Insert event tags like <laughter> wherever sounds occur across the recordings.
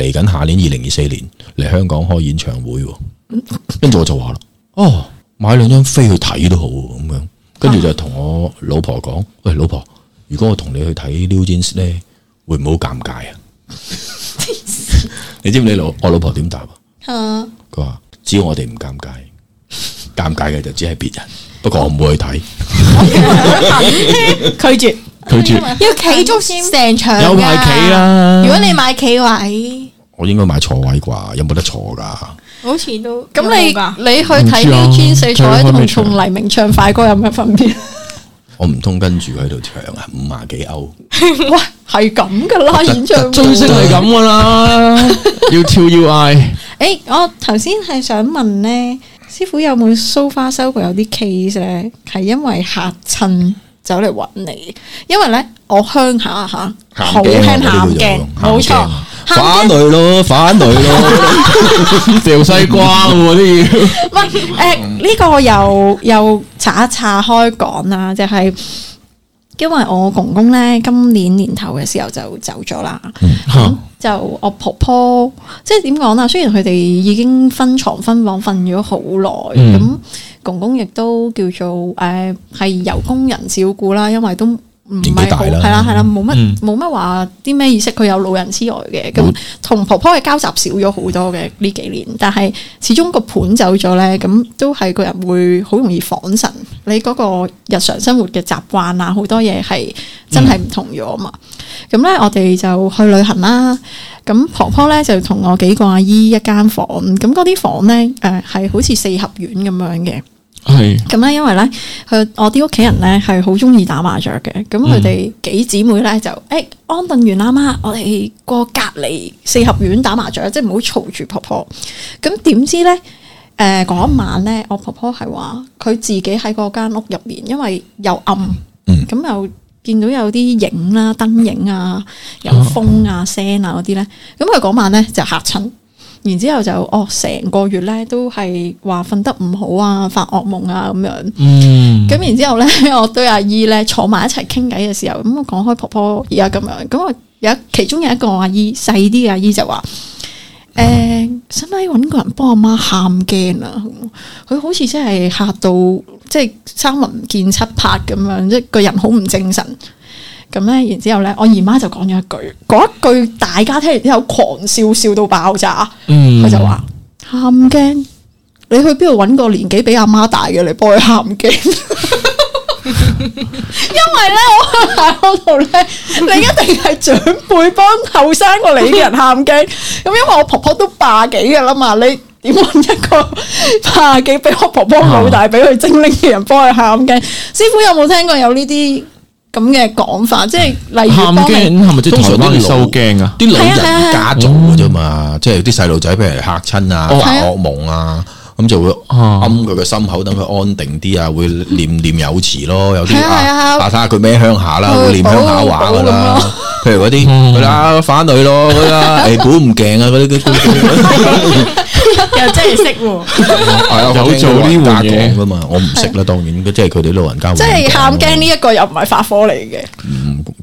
嚟緊下年二零二四年嚟香港開演唱會，跟住 <laughs> 我就話啦，哦，買兩張飛去睇都好咁樣，跟住就同我老婆講，喂老婆，如果我同你去睇 New Jeans 呢，會唔會好尷尬啊？ <laughs> <laughs> 你知唔知你老我老婆點答啊？佢話 <laughs> 只要我哋唔尷尬，尷尬嘅就只係別人，不過我唔會去睇。拒 <laughs> 絕 <laughs> 拒絕，拒絕 <laughs> 要企足先成場，有排企啦。如果你買企位。我應該買坐位啩？有冇得坐噶？好似都咁你你去睇《U2 四台》同同黎明唱快歌有咩分別？我唔通跟住喺度唱啊？五十幾歐？喂，係咁噶啦！演唱追星係咁噶啦！要跳要嗌？誒、我頭先係想問咧，師傅有冇 so far 收過有啲 case 咧？係因為嚇親走嚟揾你，因為咧我鄉下吓好驚吓唔驚？冇錯。反女咯，反女咯，掉 <laughs> <laughs> 西瓜咁啊啲嘢。喂， <laughs> <laughs> 誒、呃，呢、這個又又查一查開講啦，就係、是，因為我公公咧今年年頭嘅時候就走咗啦，吓、嗯，就我婆婆，即係點講啦？雖然佢哋已經分床分房瞓咗好耐，咁、嗯、公公亦都叫做誒係、呃、由工人照顧啦，因為都。年紀大啦，係啦係啦，冇乜冇乜話啲咩意識，佢有老人痴呆嘅，咁，同、嗯、婆婆嘅交集少咗好多嘅呢幾年。但係始終個盤走咗咧，咁都係個人會好容易恍神。你嗰個日常生活嘅習慣啊，好多嘢係真係唔同咗啊嘛。咁咧、嗯，我哋就去旅行啦。咁婆婆咧就同我幾個阿姨一間房。咁嗰啲房咧，誒係好似四合院咁樣嘅。係咁咧，是因為咧，佢我啲屋企人咧係好中意打麻雀嘅，咁佢哋幾姊妹咧就，誒、嗯，安頓完阿媽，我哋過隔籬四合院打麻雀，即係唔好嘈住婆婆。咁點知咧，誒、呃，嗰晚咧，我婆婆係話佢自己喺嗰間屋入邊，因為又暗，咁、嗯嗯、又見到有啲影啦、燈影啊，有風啊、聲、嗯、啊嗰啲咧，咁佢嗰晚咧就嚇親。然之後就哦，成個月咧都係話瞓得唔好啊，發噩夢啊咁樣。嗯，咁然之後咧，我對阿姨咧坐埋一齊傾偈嘅時候，咁我講開婆婆而家咁樣，咁我有其中有一個阿姨細啲阿姨就話：誒、呃，使唔使搵個人幫阿媽喊驚啊？佢好似真係嚇到，即係三魂唔見七魄咁樣，即係個人好唔精神。咁咧，然之後咧，我姨媽就講咗一句，講一句，大家聽完之後狂笑，笑到爆炸。佢、嗯、就話喊驚，你去邊度搵個年紀比阿媽，媽大嘅嚟幫佢喊驚？ <laughs> 因為咧，我喺嗰度咧，你一定係長輩幫後生過你啲人喊驚。咁 <laughs> 因為我婆婆都霸幾嘅啦嘛，你點搵一個八幾比我婆婆老大，比佢精靈嘅人幫佢喊驚？師傅有冇聽過有呢啲？咁嘅講法，即係例如喊驚、喊驚、喊驚，通常啲收驚啊，啲老人家加重嘅啫嘛，嗯、即係啲細路仔譬如嚇親啊、哦、惡夢啊。咁就會暗佢個心口，等佢安定啲啊！會念念有詞咯，有啲啊，睇下佢咩鄉下啦，會念鄉下話噶啦。譬如嗰啲係啦，反女咯，嗰啲啊，估唔驚啊，嗰啲又真係識喎，係啊，好做啲碗嘢㗎嘛，我唔識啦，當然即係佢哋老人家。即係喊驚呢一個又唔係發科嚟嘅。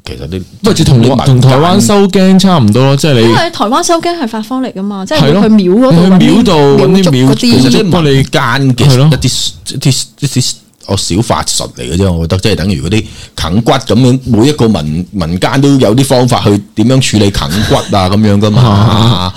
其實你唔係即係同同台灣收驚差唔多咯，即係你。因為台灣收驚係發科嚟㗎嘛，即係去廟度。去廟度揾啲廟祝啲。民間嘅一啲一啲一啲哦，小法術嚟嘅啫，我覺得即係等於嗰啲啃骨咁樣，每一個民民間都有啲方法去點樣處理啃骨啊咁樣噶嘛，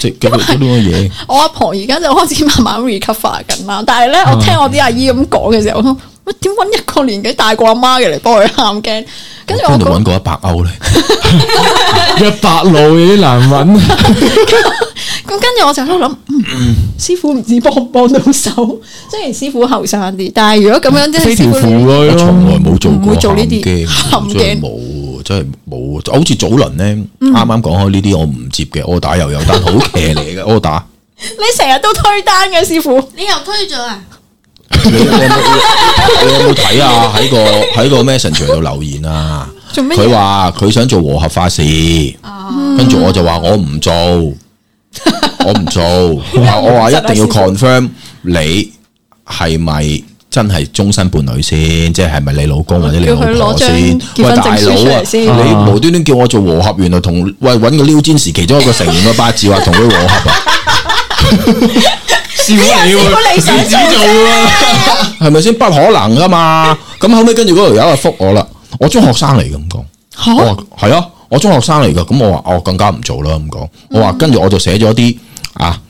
即係咁樣嘢。我阿婆而家就開始慢慢 recover 緊啦，但係咧，我聽我啲阿姨咁講嘅時候，我諗，喂，點揾一個年紀大過阿媽嘅嚟幫佢喊驚？跟住我揾過一百歐咧，一百路已經難揾。咁跟住我就喺度諗，師傅唔知幫唔幫到手，雖然師傅後生啲，但係如果咁樣即係師傅咯，從來冇做過做呢啲陷阱，冇真係冇，就好似早輪咧，啱啱講開呢啲我唔接嘅，我打又有單好騎嚟嘅，我打你成日都推單嘅師傅，你又推咗啊？你有冇睇啊？喺個喺個 Messenger 度留言啊？佢話佢想做和合法事，跟住我就話我唔做。 <laughs> 呢我唔做，我話一定要 confirm 你係咪真係終身伴侶先，即係咪你老公或者你老婆喂先？喂大佬啊，你無端端叫我做和合原來同喂揾個 Lioness 其中一個成員嘅八字話同佢和合啊？師傅你， <laughs> 你自己做啊，係咪先？不可能噶嘛！咁後尾跟住嗰條友啊覆我啦，我中學生嚟咁講，好係啊。 <laughs> 我中學生嚟噶，咁我話我、哦、更加唔做啦。咁講，我話跟住我就寫咗啲啊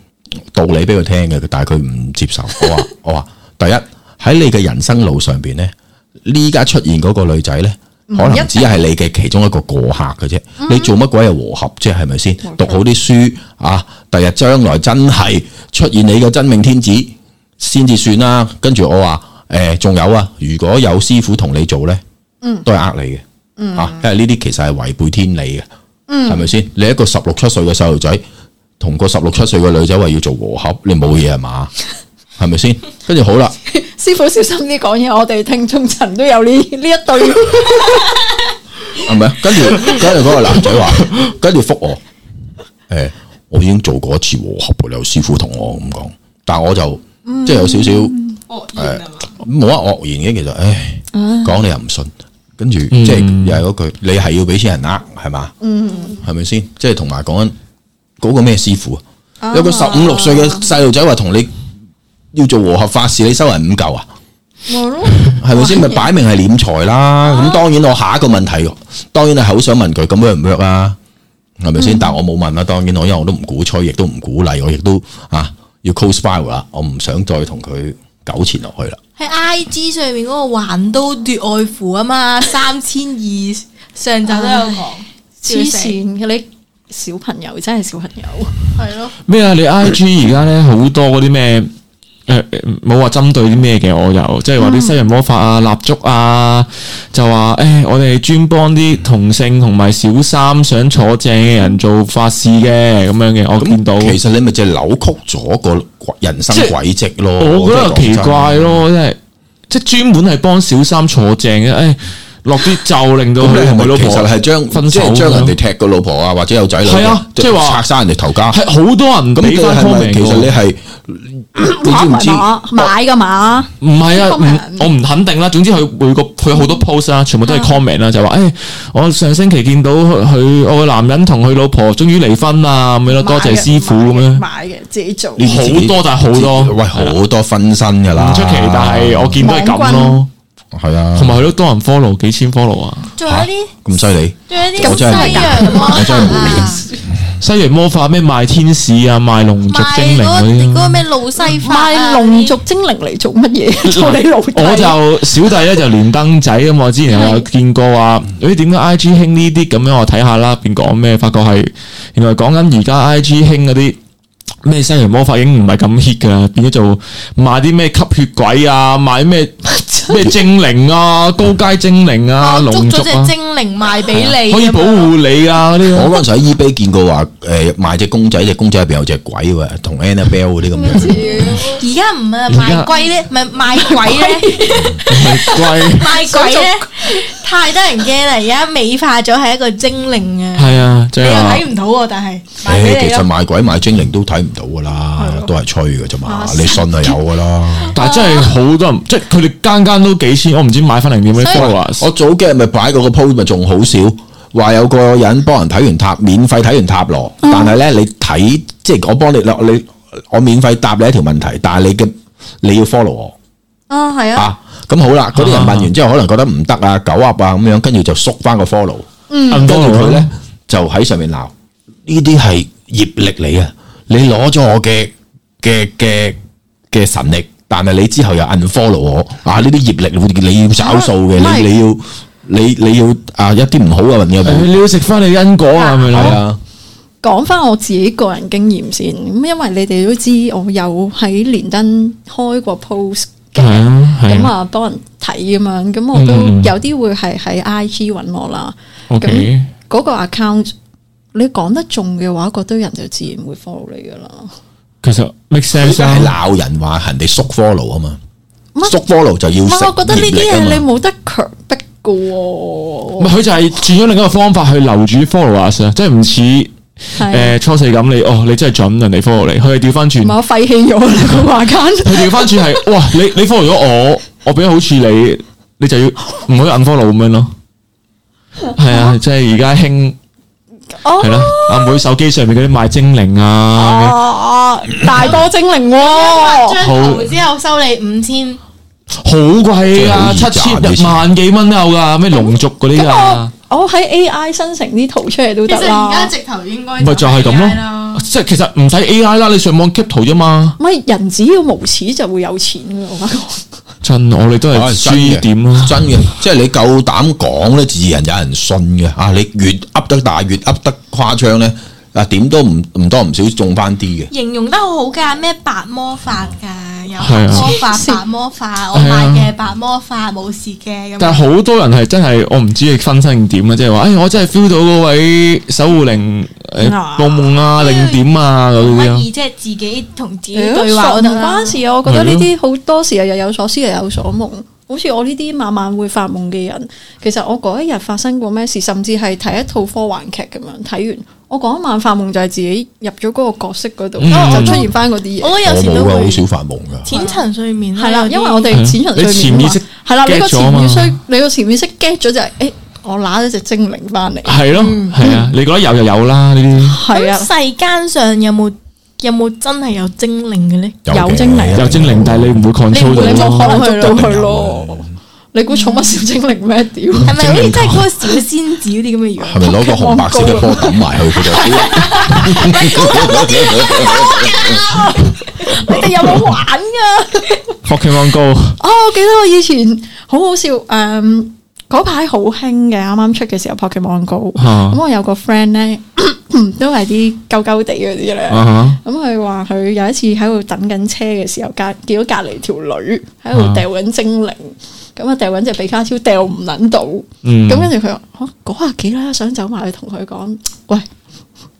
道理俾佢聽嘅，但係佢唔接受。我話 <laughs> 我話，第一喺你嘅人生路上邊呢，呢家出現嗰個女仔呢，可能只係你嘅其中一個過客嘅啫。 <laughs> 你做乜鬼嘢和合啫？係咪先？ <laughs> 讀好啲書啊！第日將來真係出現你嘅真命天子，先至算啦。跟住我話誒，仲、呃、有啊！如果有師傅同你做呢，都係呃你嘅。 <laughs> 嗯、啊，因為呢啲其實係違背天理嘅，係咪先？你一個十六七歲嘅細路仔，同個十六七歲嘅女仔話要做和合，你冇嘢係嘛？係咪先？跟住好啦，師傅小心啲講嘢，我哋聽眾層都有呢呢一對，係咪啊？跟住跟住嗰個男仔話，跟住復我，誒、欸，我已經做過一次和合嘅，有師傅同我咁講，但係我就、嗯、即係有少少惡言冇乜惡言嘅，其實，唉，講、嗯、你又唔信。跟住，即係又係嗰句，你係要俾錢人呃，係嘛？係咪先？即係同埋講嗰個咩師傅啊？有個十五六歲嘅細路仔話同你要做和合法事，你收人五嚿啊？係咪先？咪擺 <laughs> 是哇明係斂財啦？咁、啊、當然我下一個問題，當然係好想問佢咁樣唔 work 啊？係咪先？嗯、但係我冇問啦。當然我因為我都唔鼓吹，亦都唔鼓勵，我亦都啊要 close file 啦。我唔想再同佢。有錢落去啦，喺 I G 上面嗰個環都奪愛符啊嘛， <laughs> 三千二上集都有講，黐線嘅，你小朋友真係小朋友，係咯咩啊？你 I G 而家咧好多嗰啲咩？冇話針對啲咩嘅，我又即係話啲西洋魔法啊、蠟燭啊，就話誒、哎，我哋專幫啲同性同埋小三想坐正嘅人做法事嘅咁樣嘅，嗯、我見到。其實你咪即係扭曲咗個人生軌跡咯。即我覺得奇怪咯，即係即係專門係幫小三坐正嘅，誒、哎。落啲咒令到佢，你係咪其實係將分手，將人哋踢個老婆啊，或者有仔女？係啊，即係話拆晒人哋頭家。係好多人咁，你係咪其實你係？我唔知買嘅嘛？唔係啊，我唔肯定啦。總之佢每個佢好多 post 啊，全部都係 comment 啦，就話，唉，我上星期見到佢，我個男人同佢老婆終於離婚啊！咁樣多謝師傅咁樣買嘅自己做。好多但係好多，喂好多分身嘅啦。唔出奇，但係我見都係咁咯。係啊，同埋佢都多人 follow，幾千 follow 啊！仲有啲咁犀利，仲有啲咁西元魔法啊！西元魔法咩賣天使啊，賣龍族精靈嗰啲，嗰個咩露西賣龍族精靈嚟做乜嘢？做你老，我就小弟咧就連登仔咁啊！之前我有見過話，誒，點解 IG 興呢啲咁樣？我睇下啦，邊講咩？發覺係原來講緊而家 IG 興嗰啲。咩西洋魔法已經唔係咁 hit 噶，變咗做賣啲咩吸血鬼啊，賣啲咩咩精靈啊，高階精靈啊，龍 <laughs> 族啊。賣俾你，可以保護你啊！嗰啲我嗰陣時喺 EBay 見過話，誒賣隻公仔，隻公仔入邊有隻鬼喎，同 Annabelle 嗰啲咁。而家唔係賣鬼咧，咪賣鬼咧？賣鬼，賣鬼咧！太得人驚啦！而家美化咗係一個精靈啊，係啊，即係睇唔到，但係其實賣鬼賣精靈都睇唔到噶啦，都係吹噶啫嘛，你信啊有噶啦。但係真係好多人，即係佢哋間間都幾千，我唔知買翻嚟點樣。我早幾日咪擺過個 post 仲好少，話有個人幫人睇完塔，免費睇完塔羅。但係咧，你睇即係我幫你落你，我免費答你一條問題，但係你嘅你要 follow 我啊，係啊。咁好啦，嗰啲人問完之後，可能覺得唔得啊，狗鴨啊，咁樣，跟住就縮翻個 follow。嗯，跟住佢咧就喺上面鬧，呢啲係業力嚟啊！你攞咗我嘅嘅嘅嘅神力，但係你之後又 unfollow 我啊！呢啲業力會你要找數嘅，你你要。你你要啊一啲唔好嘅嘢、嗯，你要食翻你因果啊，係咪係啊？講翻我自己個人經驗先，咁因為你哋都知，我有喺連登開過 post 嘅，咁啊幫人睇咁樣，咁、嗯嗯嗯、我都有啲會係喺 IG 搵我啦。咁嗰、嗯、個 account 你講得中嘅話，嗰堆人就自然會 follow 你噶啦。其實 make sense 係鬧人話人哋、so、fo s follow 啊嘛 s、so、follow 就要。我覺得呢啲嘢你冇得強逼。嘅，唔係佢就係轉咗另一個方法去留住 followers 啊，即係唔似誒初四咁你哦，你真係准人哋 follow 你，佢係調翻轉，我廢棄咗間，佢調翻轉係哇，你你 follow 咗我，我俾好處你，你就要唔可以 unfollow 咁樣咯，係啊，即係而家興係啦，阿妹手機上面嗰啲賣精靈啊，啊，大多精靈、啊，好 <laughs> 之後收你五千。好貴啊！七千萬幾蚊都有噶，咩龍族嗰啲啊？我喺 AI 生成啲圖出嚟都得啦，啊。咪就係咁咯，即係其實唔使，就是啊，AI 啦了，你上網 keep 圖啫嘛。咪人只要無恥就會有錢噶。我真，我哋都係輸點咯。真嘅，真 <laughs> 即係你夠膽講咧，自然有，有人信嘅。啊， <laughs> 你越噏得大，越噏得誇張咧。啊，點都唔唔多唔少中翻啲嘅。形容得好好噶，咩白魔法噶，又係魔法白魔法，我買嘅白魔法冇事嘅。但係好多人係真係，我唔知佢分身點啊，即係話，哎，我真係 feel 到嗰位守護靈個夢啊，定點啊嗰啲啊。即係自己同自己。唔關事啊，我覺得呢啲好多時又有所思，又有所夢。.好似我呢啲晚晚會發夢嘅人，其實我嗰一日發生過咩事，甚至係睇一套科幻劇咁樣，睇完我嗰一晚發夢就係自己入咗嗰個角色嗰度，就出現翻嗰啲嘢。我有時都好少發夢噶。淺層睡眠係啦，因為我哋淺層睡眠你潛意識係啦，你個潛意識，你個潛意識 get 咗就係誒，我攞咗隻精靈翻嚟。係咯，係啊，你覺得有就有啦，呢啲係啊。世間上有冇？有冇真係有精靈嘅咧？有精靈，有精靈，但係你唔會 control 到佢咯，你唔會你唔會狂到去咯。你估寵物小精靈咩？屌，係咪好似真係嗰個小仙子嗰啲咁嘅樣？係咪攞個紅白色嘅波揼埋去嗰度？你哋有冇玩噶？Pokemon Go 哦，記得我以前好好笑誒。嗰排好興嘅，啱啱出嘅時候 Pokemon Go，咁我有個 friend 咧，都係啲鳩鳩哋嗰啲咧，咁佢話佢有一次喺度等緊車嘅時候，隔見到隔籬條女喺度掉緊精靈，咁啊掉緊隻比卡超掉唔捻到，咁跟住佢話，我嗰日幾啦，想走埋去同佢講，喂，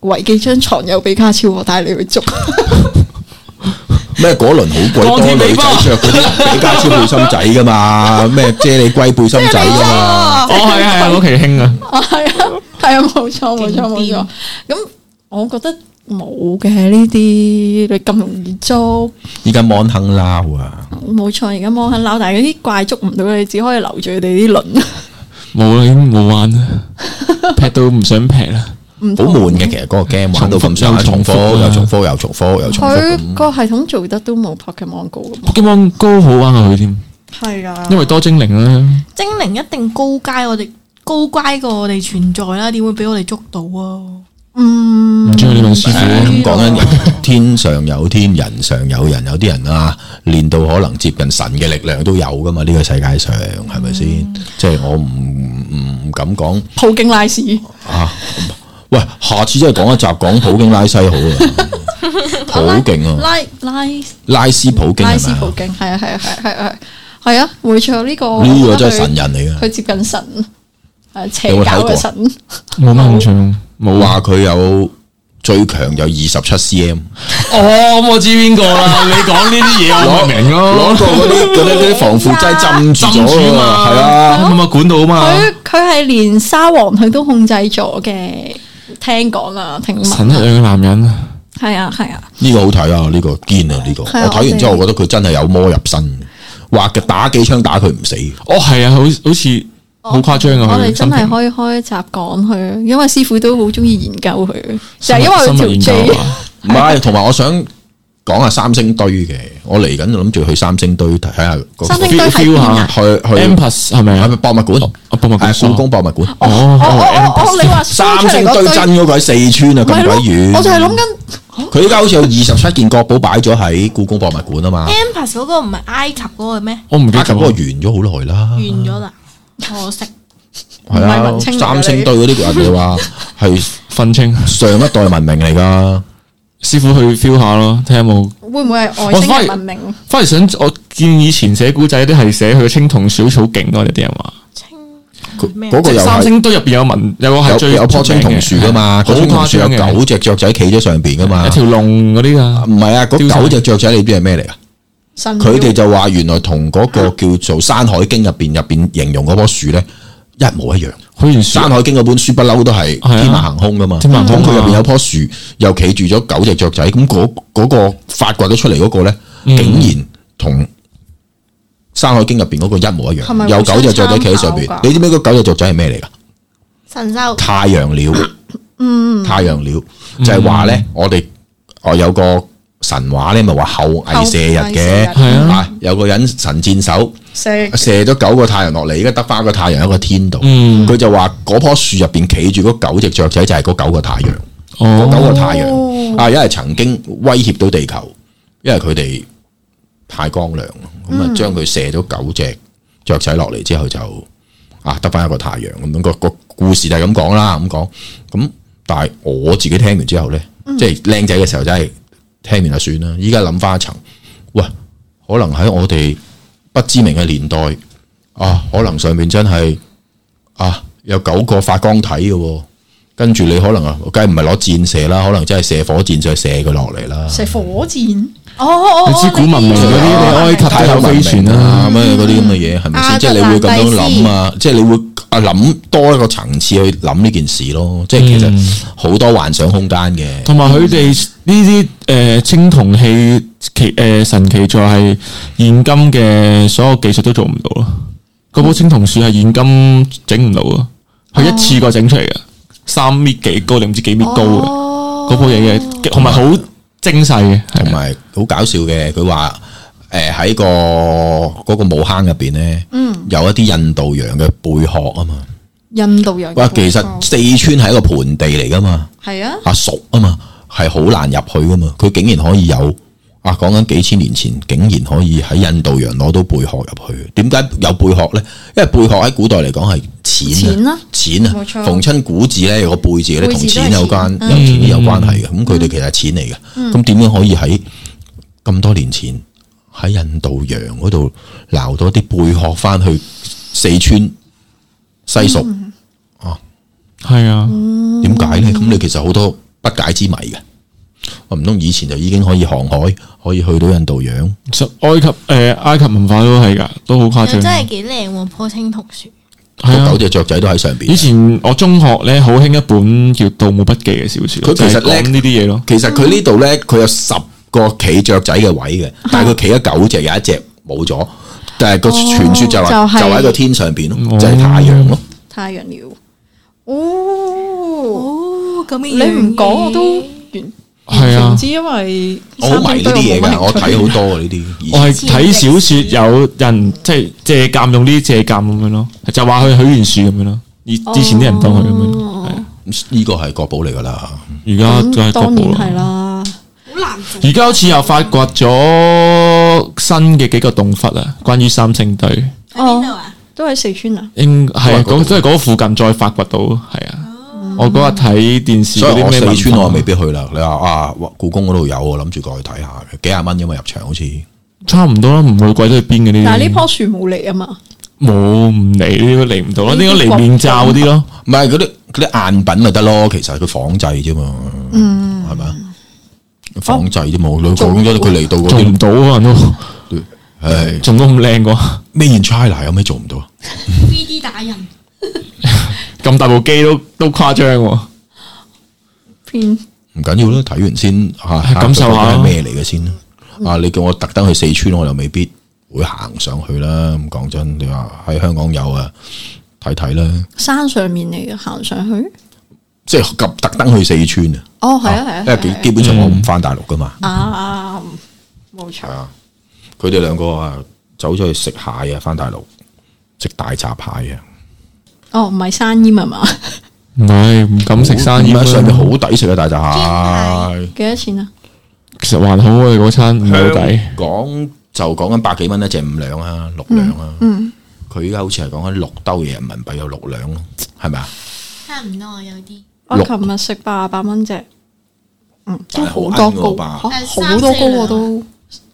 圍幾張床有比卡超我帶你去捉。 <laughs> 咩嗰輪好鬼多女仔着嗰啲比基尼背心仔噶嘛？咩啫喱龜背心仔噶嘛？哦，係啊係啊，好奇興啊！係啊係啊，冇錯冇錯冇錯。咁我覺得冇嘅呢啲，你咁容易租？而家網肯撈啊！冇錯，而家網肯撈，但係啲怪捉唔到你，只可以留住佢哋啲輪。冇啦，已經冇玩啦，劈到唔想劈啦。好悶嘅，其實嗰個 game 玩到咁上下重複又重複又重複又重複，佢個系統做得都冇 Pokemon Go。Pokemon Go 好玩過佢添，係啊，因為多精靈啦。精靈一定高階，我哋高乖過我哋存在啦，點會俾我哋捉到啊？唔唔中意呢份師傅咁講啊！天上有天，人上有，人有啲人啊，練到可能接近神嘅力量都有㗎嘛？呢個世界上係咪先？即係我唔唔敢講。普京拉絲啊！喂，下次真係講一集講普京拉西好啊，普京啊，拉拉拉斯普京，拉斯普京係啊係啊係係係啊，冇錯呢個呢個真係神人嚟噶，佢接近神，誒邪教嘅神，冇乜興趣。冇話佢有最強有二十七 cm，哦，我知邊個啦，你講呢啲嘢我唔明咯，攞到，啲嗰啲防腐劑浸住咗啊嘛，係啊，咁啊管道啊嘛，佢佢係連沙皇佢都控制咗嘅。聽講啊，聽聞、啊。神一樣嘅男人啊，係啊係啊，呢個好睇啊，呢個堅啊，呢個。我睇完之後，我覺得佢真係有魔入身嘅，話嘅、啊啊、打幾槍打佢唔死。哦，係啊，好好似好誇張啊。哦、我哋真係開一集講佢，因為師傅都好中意研究佢，嗯、就係因為佢條嘴。唔係、啊，同埋 <laughs> 我想。講下三星堆嘅，我嚟緊就諗住去三星堆睇下，三星堆係啊，去去，係咪博物館？啊，博物館，故宮博物館。哦，三星堆真咗佢四川啊，咁鬼遠！我就係諗緊，佢依家好似有二十七件國寶擺咗喺故宮博物館啊嘛。M+ 嗰個唔係埃及嗰個咩？我唔記得嗰個完咗好耐啦，完咗啦，可惜唔係分清三星堆嗰啲人哋話係分清上一代文明嚟噶。師傅去 feel 下咯，睇有冇會唔會係外星人文明？哦、反，而反而想我見以前寫古仔啲係寫佢青銅小草景嗰啲人話，青嗰、那個三星堆入邊有文有個係最有，有，有棵青銅樹噶嘛，好誇張，九隻雀仔企咗上邊噶嘛，一條龍嗰啲啊，唔係啊，九隻雀仔你啲係咩嚟？啊？佢哋妖就話原來同嗰個叫做山海經入邊入邊形容嗰棵樹咧一模一樣。《山海經》嗰本書不嬲，都係天馬行空噶嘛，天馬行空佢入邊有棵樹，又企住咗九隻雀仔，咁嗰嗰個發掘咗出嚟嗰、嗰個咧，竟然同《山海經》入邊嗰個一模一樣，有、嗯、九隻雀仔企喺上邊。嗯、你知唔知嗰九隻雀仔係咩嚟噶？神獸太陽鳥，嗯，太陽鳥、嗯、就係話咧，我哋哦有個。神話咧，咪話后羿射日嘅啊，啊，有個人神箭手日射射咗九個太陽落嚟，而家得翻一個太陽喺、嗯、個天度。佢就話嗰樖樹入邊企住嗰九隻雀仔就係嗰九個太陽。嗰、哦、九個太陽啊，因為曾經威脅到地球，因為佢哋太光亮，咁啊，將、嗯、佢、啊、射咗九隻雀仔落嚟之後就啊，得翻一個太陽咁樣，個個故事就係咁講啦。咁講咁，但係我自己聽完之後呢，即係靚仔嘅時候就係、是。聽完就算啦，依家諗翻一層，喂，可能喺我哋不知名嘅年代啊，可能上面真係啊有九個發光體嘅，跟住你可能啊，梗係唔係攞箭射啦，可能真係射火箭再射佢落嚟啦。射，射火箭，哦，哦，你知古文明嗰啲埃及太空飛船啊咩嗰啲咁嘅嘢係咪先？即係你會咁樣諗啊，即係你會。啊諗多一個層次去諗呢件事咯，即係其實好多幻想空間嘅。同埋佢哋呢啲誒青銅器奇誒、呃、神奇在係現今嘅所有技術都做唔到咯。嗰部青銅樹係現今整唔到咯，佢一次過整出嚟嘅，三、哦、米幾高定唔知幾米高嘅嗰、哦、部嘢嘅，同埋好精細嘅，同埋好搞笑嘅，佢話。誒，喺個個武坑入邊咧，有一啲印度洋嘅貝殼啊嘛。印度洋喂，其實四川係一個盆地嚟噶嘛，係啊，啊熟啊嘛，係好難入去噶嘛。佢竟然可以有啊，講緊幾千年前，竟然可以喺印度洋攞到貝殼入去。點解有貝殼咧？因為貝殼喺古代嚟講係錢啊，錢啊，冇錯，逢親古字咧，如果貝字咧同錢有關，有錢有關係嘅。咁佢哋其實係錢嚟嘅。咁點樣可以喺咁多年前？喺印度洋嗰度撈到啲貝殼翻去四川西蜀哦，係、嗯、啊，點解咧？咁你、嗯、其實好多不解之謎嘅。我唔通以前就已經可以航海，可以去到印度洋。其實埃及誒、呃，埃及文化都係噶，都好誇張，真係幾靚喎！啊、棵青銅樹，啊、九隻雀仔都喺上邊。以前我中學咧好興一本叫《盜墓筆記》嘅小說，佢其實講呢啲嘢咯。嗯、其實佢呢度咧，佢有十。個企雀仔嘅位嘅，但係佢企咗九隻，有一隻冇咗。但係個傳說就話就喺個天上邊咯，哦、就係太陽咯。太陽鳥，哦咁你唔講我都係啊？唔知因為我好迷呢啲嘢噶，我睇好多啊呢啲。我係睇小說有人即係借鑒用呢啲借鑒咁樣咯，就話佢許願樹咁樣咯。而之前啲人都係咁樣，呢個係國寶嚟噶啦。而家就係國寶啦。而家好似又發掘咗新嘅幾個洞窟啊！關於三星堆，喺、哦、都喺四川啊？應係嗰都係嗰、嗰個即係、附近再發掘到，係啊。哦、我嗰日睇電視，啲咩所以四川我未必去啦。你話啊，故宮嗰度有，我諗住過去睇下嘅，幾廿蚊咁啊，入場好似差唔多啦，唔會貴得去邊嘅呢啲。但係呢些棵樹冇嚟啊嘛，冇唔嚟，嚟唔到啦。點解嚟面罩啲咯？唔係嗰啲嗰啲贗品咪得咯？其實係佢仿製啫嘛，係咪啊？仿製啫嘛，仿咗佢嚟到，做唔到啊都，係、no. <laughs> 對，仲咁靚過咩？In China 有咩做唔到啊 <laughs> ？V D 打印，咁 <laughs> <laughs> 大部機都都誇張喎。偏唔緊要啦，睇完先吓，啊、感受下係咩嚟嘅先。嗯、啊，你叫我特登去四川，我又未必會行上去啦。咁講真，你話喺香港有啊，睇睇啦。山上面嚟嘅，行上去。即係特登去四川、哦、啊！哦，係啊，係啊，因為基本上我唔翻大陸噶嘛。啊，冇錯。佢哋、啊、兩個啊，走咗去食蟹啊，翻大陸食大閘蟹啊。哦，唔係生腌啊嘛？唔係，唔敢食生腌。上面好抵食啊，大閘蟹。幾、啊、多錢啊？其實還好啊，嗰餐好抵。講就講緊百幾蚊一隻五兩啊，六兩啊。嗯。佢依家好似係講緊六兜嘢人民幣有六兩咯，係咪啊？差唔多有啲。我琴日食八百蚊隻，嗯，都好多膏，好多膏都，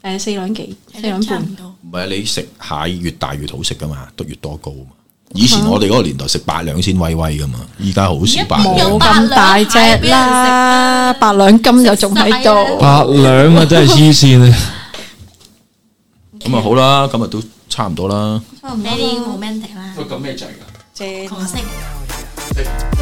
誒，四兩幾，四兩半多。唔係你食蟹越大越好食噶嘛，都越多膏嘛。以前我哋嗰個年代食八兩先威威噶嘛，依家好少八兩。冇咁大隻啦，八兩金又仲喺度，八兩啊真係黐線啊！咁啊好啦，今日都差唔多啦。爹哋冇 man 地啦。佢咩仔噶？紅色。